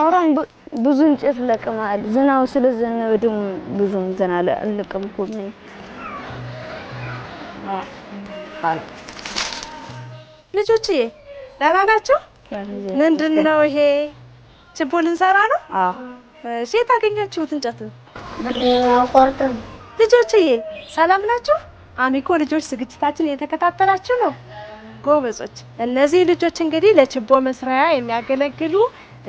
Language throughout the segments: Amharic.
አውራን ብዙ እንጨት ለቅማል። ዝናው ስለዘነበ ደግሞ ብዙ እንትን አለቀምኩም። ልጆችዬ ደህና ናቸው? ምንድን ነው ይሄ? ችቦ ልንሰራ ነው። እሺ የት አገኛችሁት እንጨት? ልጆችዬ ሰላም ናቸው? አሚኮ ልጆች ዝግጅታችን እየተከታተላችሁ ነው ጎበዞች። እነዚህ ልጆች እንግዲህ ለችቦ መስሪያ የሚያገለግሉ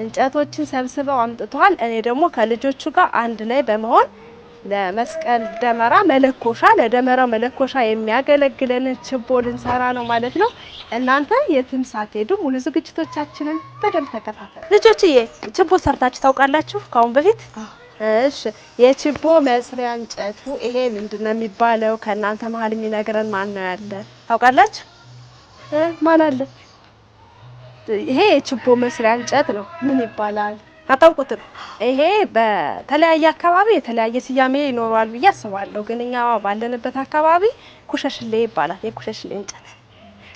እንጨቶችን ሰብስበው አምጥተዋል። እኔ ደግሞ ከልጆቹ ጋር አንድ ላይ በመሆን ለመስቀል ደመራ መለኮሻ ለደመራው መለኮሻ የሚያገለግለንን ችቦ ልንሰራ ነው ማለት ነው። እናንተ የትም ሳትሄዱ ሙሉ ዝግጅቶቻችንን በደንብ ተከታተሉ ልጆችዬ። ችቦ ሰርታችሁ ታውቃላችሁ ከአሁን በፊት? እሺ የችቦ መስሪያ እንጨቱ ይሄ ምንድን ነው የሚባለው? ከእናንተ መሀል የሚነግረን ማን ነው ያለ? ታውቃላችሁ? ማን አለ? ይሄ የችቦ መስሪያ እንጨት ነው። ምን ይባላል? አታውቁትም? ይሄ በተለያየ አካባቢ የተለያየ ስያሜ ይኖረዋል ብዬ አስባለሁ። ግን እኛ ባለንበት አካባቢ ኩሸሽሌ ይባላል። የኩሸሽሌ እንጨት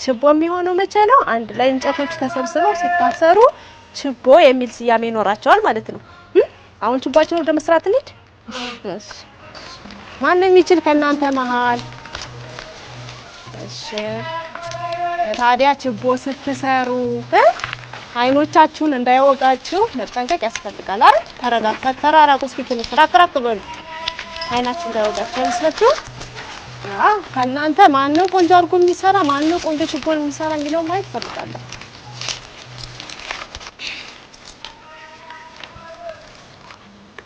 ችቦ የሚሆነው መቼ ነው? አንድ ላይ እንጨቶች ተሰብስበው ሲታሰሩ ችቦ የሚል ስያሜ ይኖራቸዋል ማለት ነው። አሁን ችባችን ወደ መስራት እንሂድ። ማንም ይችል ከእናንተ መሀል። እሺ ታዲያ ችቦ ስትሰሩ አይኖቻችሁን እንዳይወጋችሁ መጠንቀቅ ያስፈልጋል አይደል? ተረጋግታችሁ ተራራቁ። እስኪ ትንሽ ራቅ ራቅ በሉ። አይናችሁ እንዳይወጋችሁ አይመስላችሁ? አዎ ማን ነው ቆንጆ አድርጎ የሚሰራ ነው ቆንጆ ችቦን የሚሰራ የሚለው ማየት እፈልጋለሁ።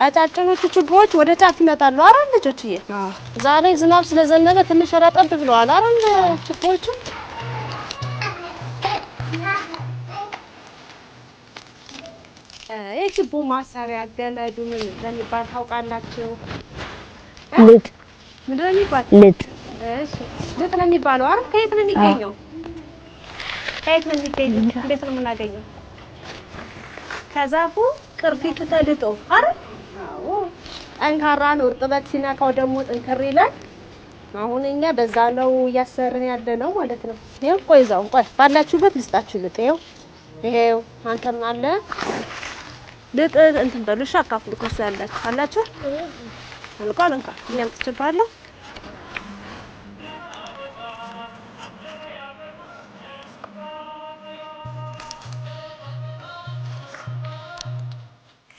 ቀጫጭኖቹ ችቦዎች ወደ ታች ይመጣሉ። አረ ልጆችዬ ዛሬ ዝናብ ስለዘነበ ትንሽ ረጠብ ብለዋል። አረ ችግሮቹ የችቦ ማሰሪያ ገመዱ ምን እንደሚባል ታውቃላችሁ? ልጥ ምን ነው የሚባል? ልጥ እሺ፣ ልጥ ነው የሚባለው። አረ ከየት ነው የሚገኘው? ከየት ነው የሚገኘው? እንዴት ነው የምናገኘው? ከዛፉ ቅርፊቱ ተልጦ አረ ጠንካራ ነው። እርጥበት ሲነካው ደግሞ ጥንክር ይላል። አሁን እኛ በዛ ነው እያሰርን ያለ ነው ማለት ነው። ይሄው ቆይ እዛው ቆይ ባላችሁበት ልስጣችሁ ልጥ ይሄው ይሄው አንተም አለ ልጥ እንትን በሉ እሺ፣ አካፍሉ ከሱ ያላችሁ አላችሁ አልቋል። እንካ እኛም ትችላለሁ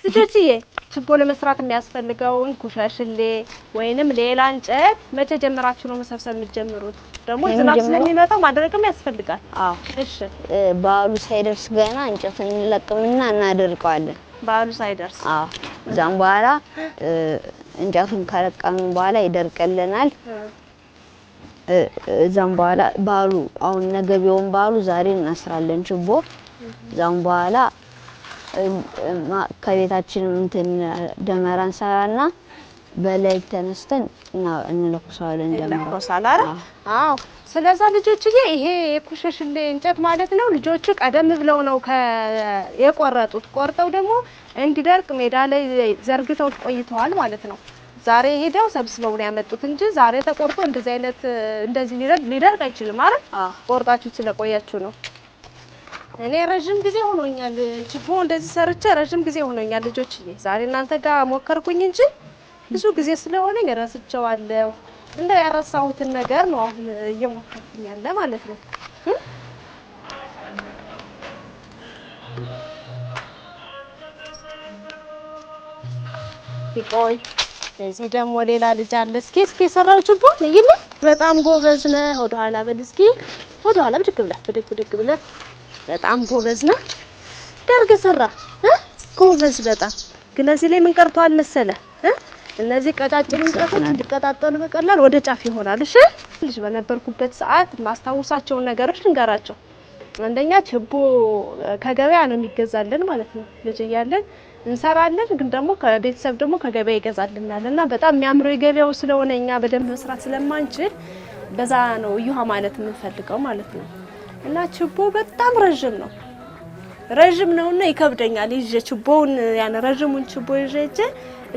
ልጆችዬ ችቦ ለመስራት የሚያስፈልገውን ኩሸሽሌ ወይንም ሌላ እንጨት መቼ ጀምራችሁ ነው መሰብሰብ የምትጀምሩት? ደግሞ ዝናብ ስለሚመጣው ማድረግም ያስፈልጋል። አዎ፣ እሺ። በዓሉ ሳይደርስ ገና እንጨት እንለቅምና እናደርቀዋለን። በዓሉ ሳይደርስ? አዎ። እዛም በኋላ እንጨቱን ከለቀምን በኋላ ይደርቅልናል። እዛም በኋላ በዓሉ አሁን ነገ ቢሆን በዓሉ ዛሬ እናስራለን ችቦ እዛም በኋላ ከቤታችን እንትን ደመራ እንሰራና በላይ ተነስተን እንለኩሰዋለን። እንለኩሳል አዎ። ስለዛ ልጆችዬ ይሄ የኩሽሽሌ እንጨት ማለት ነው። ልጆቹ ቀደም ብለው ነው የቆረጡት። ቆርጠው ደግሞ እንዲደርቅ ሜዳ ላይ ዘርግተው ቆይተዋል ማለት ነው። ዛሬ ሄደው ሰብስበው ነው ያመጡት እንጂ ዛሬ ተቆርጦ እንደዚህ አይነት እንደዚህ ሊደርቅ አይችልም አረ ቆርጣችሁ ስለቆያችሁ ነው እኔ ረዥም ጊዜ ሆኖኛል ችቦ እንደዚህ ሰርቼ ረዥም ጊዜ ሆኖኛል ልጆችዬ። ዛሬ እናንተ ጋር ሞከርኩኝ እንጂ ብዙ ጊዜ ስለሆነ ረስቸዋለሁ። እንደ ያረሳሁትን ነገር ነው አሁን እየሞከርኩኝ ያለ ማለት ነው። ቆይ እዚህ ደግሞ ሌላ ልጅ አለ። እስኪ እስኪ የሰራው ችቦ ይል በጣም ጎበዝ ነህ። ወደኋላ በል እስኪ ወደኋላ ብድግ ብለህ ብድግ ብድግ ብለህ በጣም ጎበዝ ነው። ደርግ ሰራ ጎበዝ በጣም ግን እዚህ ላይ ምን ቀርቷል መሰለ እነዚህ ቀጫጭን እንጨቶች እንዲቀጣጠሉ በቀላል ወደ ጫፍ ይሆናል። እሺ ልጅ በነበርኩበት ሰዓት ማስታወሳቸውን ነገሮች ልንገራቸው። አንደኛ ችቦ ከገበያ ነው የሚገዛልን ማለት ነው። ልጅ እያለን እንሰራለን፣ ግን ደግሞ ከቤተሰብ ደግሞ ከገበያ ይገዛልናል እና በጣም የሚያምረው የገበያው ስለሆነ እኛ በደንብ መስራት ስለማንችል በዛ ነው እዩሃ ማለት የምንፈልገው ማለት ነው። እና ችቦ በጣም ረዥም ነው ረዥም ነውና ይከብደኛል። ይዤ ችቦውን ያን ረዥሙን ችቦ ይዤ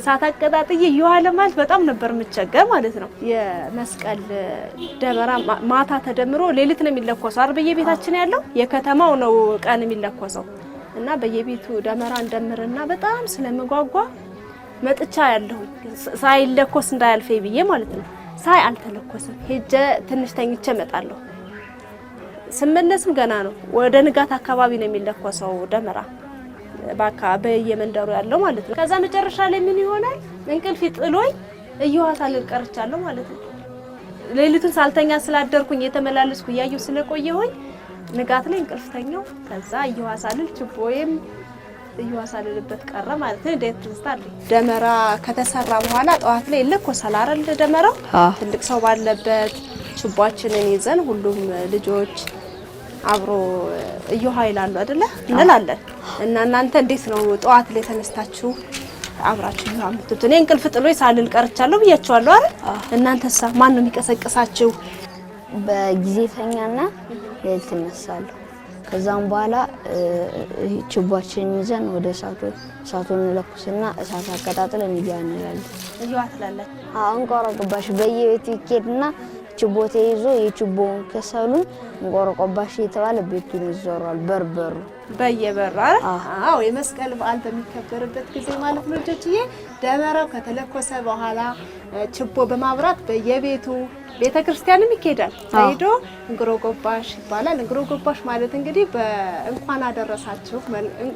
እሳት አቀጣጥዬ እየዋለ ማለት በጣም ነበር የምቸገር ማለት ነው። የመስቀል ደመራ ማታ ተደምሮ ሌሊት ነው የሚለኮሰው። አርብ በየቤታችን ያለው የከተማው ነው ቀን የሚለኮሰው እና በየቤቱ ደመራ እንደምርና በጣም ስለመጓጓ መጥቻ ያለሁ ሳይለኮስ እንዳያልፈኝ ብዬ ማለት ነው። ሳይ አልተለኮሰም። ሄጀ ትንሽ ተኝቼ እመጣለሁ። ስመለስም ገና ነው። ወደ ንጋት አካባቢ ነው የሚለኮሰው ደመራ ባካ በየመንደሩ ያለው ማለት ነው። ከዛ መጨረሻ ላይ ምን ይሆናል? እንቅልፍ ጥሎኝ እየዋታ ልቀርቻለሁ ማለት ነው። ሌሊቱን ሳልተኛ ስላደርኩኝ የተመላለስኩ እያየሁ ስለቆየሁኝ ንጋት ላይ እንቅልፍ ተኛው። ከዛ እየዋሳልል ችቦዬም ልልበት ቀረ ማለት ነው። እንዴት አለ። ደመራ ከተሰራ በኋላ ጠዋት ላይ ይለኮሳል አይደል? ደመራው ትልቅ ሰው ባለበት ችቧችንን ይዘን ሁሉም ልጆች አብሮ እየውሃ ይላሉ አይደለ እንላለን። እና እናንተ እንዴት ነው ጠዋት ላይ ተነስታችሁ አብራችሁ ይውሃ የምትሉት? እኔ እንቅልፍ ጥሎ ሳልል ቀርቻለሁ ብያችኋለሁ አይደል? እናንተሳ ማን ነው የሚቀሰቅሳችሁ? በጊዜ ተኛና ሌሊት እነሳለሁ። ከዛም በኋላ ችቧችን ይዘን ወደ እሳቱ እሳቱን እንለኩስና እሳት አቀጣጥለን እያንላለን። እየዋ አሁን እንቆረቅባሽ በየቤቱ ይኬድና ችቦ ይዞ የችቦውን ከሰሉ እንቆረቆባሽ የተባለ ቤቱን ይዞሯል። በርበሩ በየበሩ አዎ፣ የመስቀል በዓል በሚከበርበት ጊዜ ማለት ነው ልጆችዬ፣ ደመራው ከተለኮሰ በኋላ ችቦ በማብራት በየቤቱ ቤተ ክርስቲያንም ይኬዳል ሄዶ እንግሮ ጎባሽ ይባላል። እንግሮ ጎባሽ ማለት እንግዲህ በእንኳን አደረሳችሁ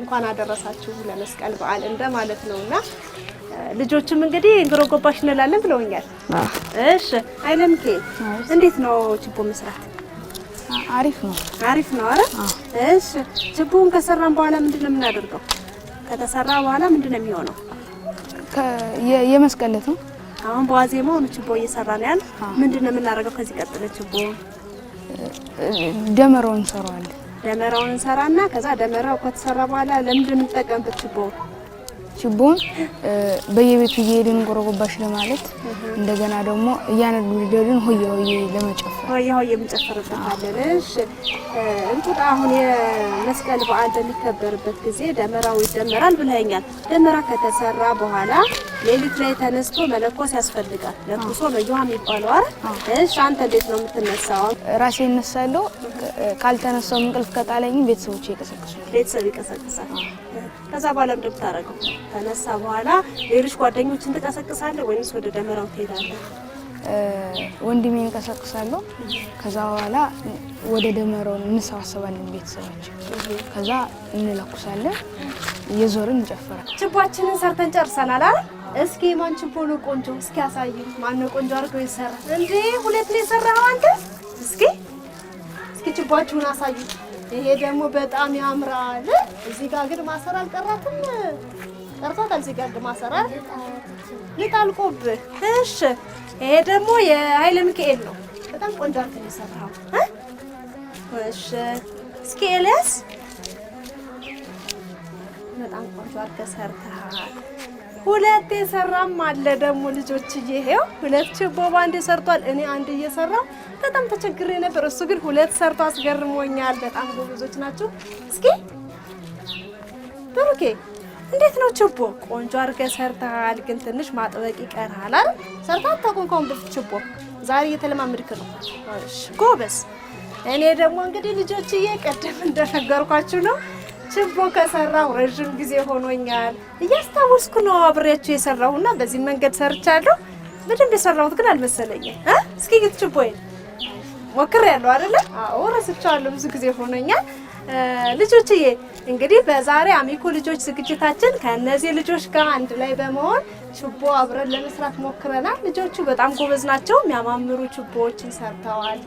እንኳን አደረሳችሁ ለመስቀል በዓል እንደማለት ነውና ልጆችም እንግዲህ እንግሮ ጎባሽ እንላለን ብለውኛል። እሺ አይለምኬ እንዴት ነው ችቦ መስራት? አሪፍ ነው አሪፍ ነው። አረ እሺ ችቦውን ከሰራን በኋላ ምንድን ነው የምናደርገው? ከተሰራ በኋላ ምንድን ነው የሚሆነው? የመስቀለት ነው። አሁን በዋዜማው ችቦ እየሰራ ነው ያለ። ምንድን ነው የምናደርገው ከዚህ ቀጥለ ችቦ ደመራውን እንሰራዋለን። ደመራውን እንሰራና ከዛ ደመራው ከተሰራ በኋላ ለምንድን ነው የምንጠቀምበት ችቦውን? ችቦን በየቤቱ እየሄድን ጎረጎባሽ ለማለት እንደገና ደግሞ እያነደድን ሆየ ሆየ ለመጨፈር ሆየ ሆየ የምንጨፈርበታለን። እንቁጣ አሁን የመስቀል በዓል በሚከበርበት ጊዜ ደመራው ይደመራል ብለኛል። ደመራ ከተሰራ በኋላ ሌሊት ላይ ተነስቶ መለኮስ ያስፈልጋል። ለኩሶ በየዋ የሚባለው አረ እሺ፣ አንተ እንዴት ነው የምትነሳው? ራሴ እነሳለሁ። ካልተነሳው እንቅልፍ ከጣለኝ ቤተሰቦች ይቀሰቅሱ ቤተሰብ ይቀሰቅሳል። ከዛ በኋላ ምንድን ብታረገው? ተነሳ በኋላ ሌሎች ጓደኞችን ትቀሰቅሳለህ ወይስ ወደ ደመራው ትሄዳለህ? ወንድሜ እንቀሰቅሳለሁ። ከዛ በኋላ ወደ ደመራው እንሰባሰባለን ቤተሰቦች። ከዛ እንለኩሳለን፣ የዞርን እንጨፍራለን። ችቦአችንን ሰርተን ጨርሰናል። እስኪ ማንችን ፖሎ ቆንጆ እስኪ ማን ነው ቆንጆ አድርገው የሰራ እንዴ? ሁለት ነው የሰራኸው አንተ። እስኪ እስኪ ችቧችሁን አሳዩ። ይሄ ደግሞ በጣም ያምራል። እዚህ ጋር ግን ማሰራ አልቀራትም፣ ቀርቷታል። እዚህ ጋር ግን ማሰራ ልጣልቆብህ። እሺ፣ ይሄ ደግሞ የኃይለ ሚካኤል ነው። በጣም ቆንጆ አድርገህ ነው የሰራኸው። እሺ፣ እስኪ ኤልያስ፣ በጣም ቆንጆ አድርገህ ሰርተሃል። ሁለት የሰራም አለ ደግሞ ልጆች ይሄው ሁለት ችቦ ባንድ ሰርቷል። እኔ አንድ እየሰራው በጣም ተቸግሬ ነበር። እሱ ግን ሁለት ሰርቶ አስገርሞኛል። በጣም ጎበዞች ናቸው። እስኪ ብሩኬ እንዴት ነው ችቦ? ቆንጆ አድርገህ ሰርተሃል፣ ግን ትንሽ ማጥበቅ ይቀርሃል አይደል? ሰርተህ አታውቅም ከአሁን በፊት ችቦ። ዛሬ እየተለማመድክ ነው። ጎበዝ። እኔ ደግሞ እንግዲህ ልጆችዬ ቀደም እንደነገርኳችሁ ነው ችቦ ከሰራው ረዥም ጊዜ ሆኖኛል። እያስታወስኩ ነው አብሬያቸው እና በዚህ መንገድ ሰርቻለሁ። በደንብ የሰራሁት ግን አልመሰለኝም። እስኪ ግት ችቦዬ ሞክሬያለሁ አይደለ? አዎ ረስቼዋለሁ፣ ብዙ ጊዜ ሆኖኛል። ልጆችዬ እንግዲህ በዛሬ አሚኮ ልጆች ዝግጅታችን ከእነዚህ ልጆች ጋር አንድ ላይ በመሆን ችቦ አብረን ለመስራት ሞክረናል። ልጆቹ በጣም ጎበዝ ናቸው። የሚያማምሩ ችቦዎችን ሰርተዋል።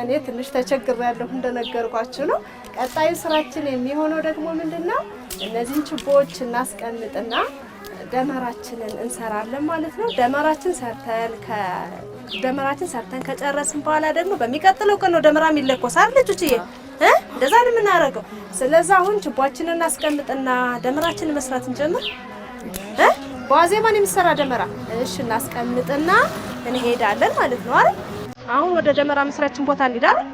እኔ ትንሽ ተቸግሬያለሁ እንደነገርኳችሁ ነው። ቀጣዩ ስራችን የሚሆነው ደግሞ ምንድን ነው? እነዚህን ችቦዎች እናስቀምጥና ደመራችንን እንሰራለን ማለት ነው። ደመራችን ሰርተን ደመራችን ሰርተን ከጨረስን በኋላ ደግሞ በሚቀጥለው ቀን ነው ደመራ የሚለኮሳል። ልጆችዬ እንደዛ ነው የምናደርገው። ስለዛ አሁን ችቦችንን እናስቀምጥና ደመራችንን መስራት እንጀምር። በዋዜማን የሚሰራ ደመራ እሺ፣ እናስቀምጥና እንሄዳለን ማለት ነው። አይደል? አሁን ወደ ደመራ መስሪያችን ቦታ እንሄዳለን።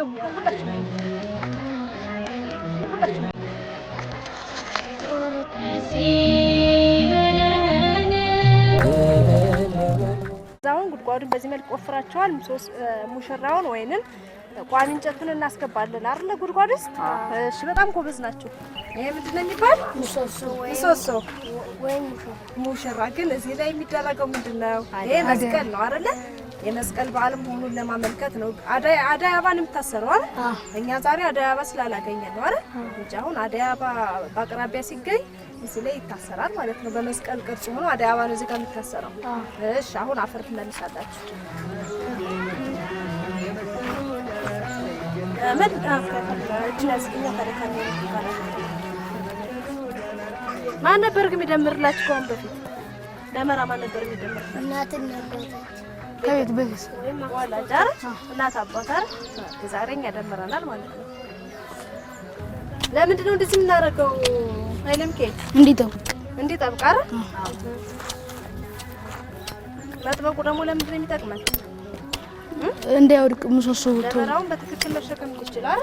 አሁን ጉድጓዱን በዚህ መልክ ቆፍራቸዋል። ሙሽራውን ወይንም ቋሚ እንጨቱን እናስገባለን አይደለ? ጉድጓድ ውስጥ እሺ። በጣም ጎበዝ ናቸው። ይሄ ምንድን ነው የሚባል ምሰሶ ወይም ሙሽራ። ግን እዚህ ላይ የሚደረገው ምንድን ነው? ይሄ መስቀል ነው አይደለ? የመስቀል በዓል መሆኑን ለማመልከት ነው። አደይ አደይ አበባ ነው የምታሰረው አይደል? እኛ ዛሬ አደይ አበባ ስላላገኘን ነው አይደል? እንጂ አሁን አደይ አበባ በአቅራቢያ ሲገኝ እዚህ ላይ ይታሰራል ማለት ነው። በመስቀል ቅርጽ ሆኖ አደይ አበባ ነው እዚህ ጋር የምታሰረው። እሺ፣ አሁን አፈር ትመልሳላችሁ። ምን ማን ነበር የሚደምርላችሁ ከአሁን በፊት? ደመራ ማን ነበር የሚደምርላችሁ? እናትን ነበረች ከቤት በፊት ወላጅ እናት አባት ዛሬ ያደምረናል ማለት ነው። ለምንድን ነው እንደዚህ የምናደርገው? አይለምኬ እንዲጠብቅ እንዲጠብቅ አይደል? መጥበቁ ደግሞ ለምንድን ነው የሚጠቅመን? እንዳይወድቅ ምሰሶ በትክክል መሸከም ይችላል።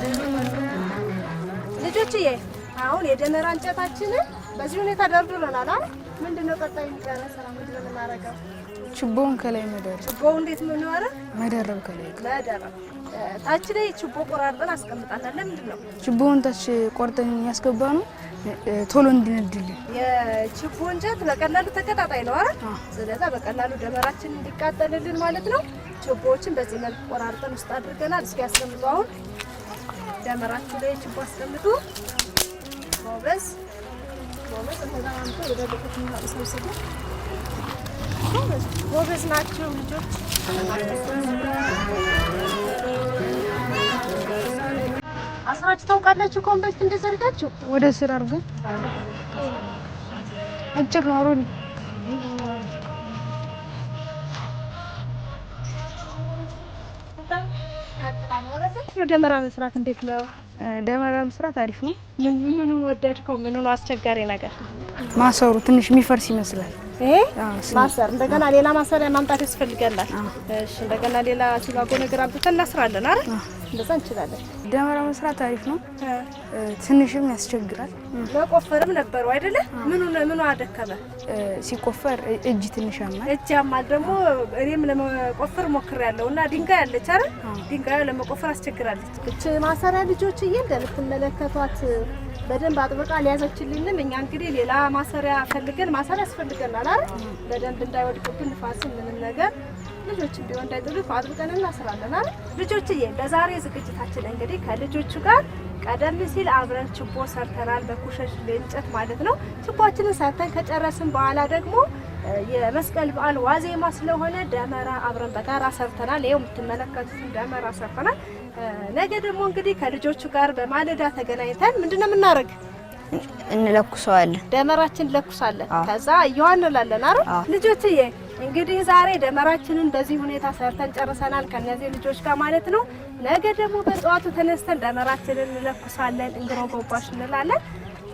ልጆችዬ አሁን የደመራ እንጨታችንን በዚህ ሁኔታ ደርድረናል አይደል? ምንድን ነው ቀጣይ የሚቀረ ስራ ምንድን ነው የምናደርገው? ችቦውን ከላይ መደረብ። ችቦው እንዴት ነው የሚሆነው? መደረብ ከላይ መደረብ። ታች ላይ ችቦ ቆራርጠን አስቀምጣለን። ለምንድን ነው ችቦውን ታች ቆርጠን ያስገባ ነው? ቶሎ እንድንድልን የችቦ እንጨት በቀላሉ ተቀጣጣይ ነው አረ። ስለዛ በቀላሉ ደመራችን እንዲቃጠልልን ማለት ነው። ችቦዎችን በዚህ መልክ ቆራርጠን ውስጥ አድርገናል። እስኪ ያስቀምጡ አሁን ደመራችሁ ላይ ችቦ አስቀምጡ። ጎበዝ ጎበዝ፣ ናቸው ልጆች። አስራችሁ ታውቃላችሁ። ኮምፖስት እንደዘርጋችሁ ወደ ስር አድርገን አጭር ነው። ነው ደመራ መስራት? እንዴት ነው ደመራ መስራት? አሪፍ ነው ምኑ ወደድከው? ምኑ አስቸጋሪ ነገር? ማሰሩ ትንሽ የሚፈርስ ይመስላል። ማሰር እንደገና ሌላ ማሰሪያ ማምጣት ያስፈልገናል። እንደገና ሌላ ሲባጎ ነገር አምጥተን እናስራለን። አረ እንደዛ እንችላለን። ደመራ መስራት አሪፍ ነው። ትንሽም ያስቸግራል። መቆፈርም ነበሩ አይደለ? ምኑ ምኑ አደከመ? ሲቆፈር እጅ ትንሽ ያማል። እጅ ያማል ደግሞ እኔም ለመቆፈር ሞክር ያለው እና ድንጋይ አለች። አረ ድንጋዩ ለመቆፈር አስቸግራለች። እች ማሰሪያ ልጆችዬ እንደምትመለከቷት በደንብ አጥብቃ ሊያዘችልንም እኛ እንግዲህ ሌላ ማሰሪያ ፈልገን ማሰሪያ ያስፈልገናል አይደል? በደንብ እንዳይወድቅብን ንፋስን ምንም ነገር ልጆችን ቢሆን እንዳይጥሉ አጥብቀን እናስራለን አይደል? ልጆችዬ በዛሬ ዝግጅታችን እንግዲህ ከልጆቹ ጋር ቀደም ሲል አብረን ችቦ ሰርተናል፣ በኩሸሽ እንጨት ማለት ነው። ችቦችንን ሰርተን ከጨረስን በኋላ ደግሞ የመስቀል በዓል ዋዜማ ስለሆነ ደመራ አብረን በጋራ ሰርተናል። ይኸው የምትመለከቱትን ደመራ ሰርተናል። ነገ ደግሞ እንግዲህ ከልጆቹ ጋር በማለዳ ተገናኝተን ምንድነው የምናደርግ? እንለኩሰዋለን። ደመራችን እንለኩሳለን። ከዛ እየዋን እንላለን። አረ ልጆችዬ እንግዲህ ዛሬ ደመራችንን በዚህ ሁኔታ ሰርተን ጨርሰናል፣ ከነዚህ ልጆች ጋር ማለት ነው። ነገ ደግሞ በጠዋቱ ተነስተን ደመራችንን እንለኩሳለን፣ እንግሮጎባሽ እንላለን።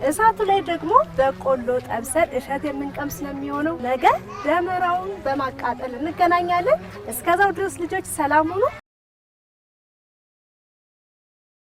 እሳቱ ላይ ደግሞ በቆሎ ጠብሰን እሸት የምንቀምስ ነው የሚሆነው። ነገ ደመራውን በማቃጠል እንገናኛለን። እስከዛው ድረስ ልጆች ሰላም ሁኑ።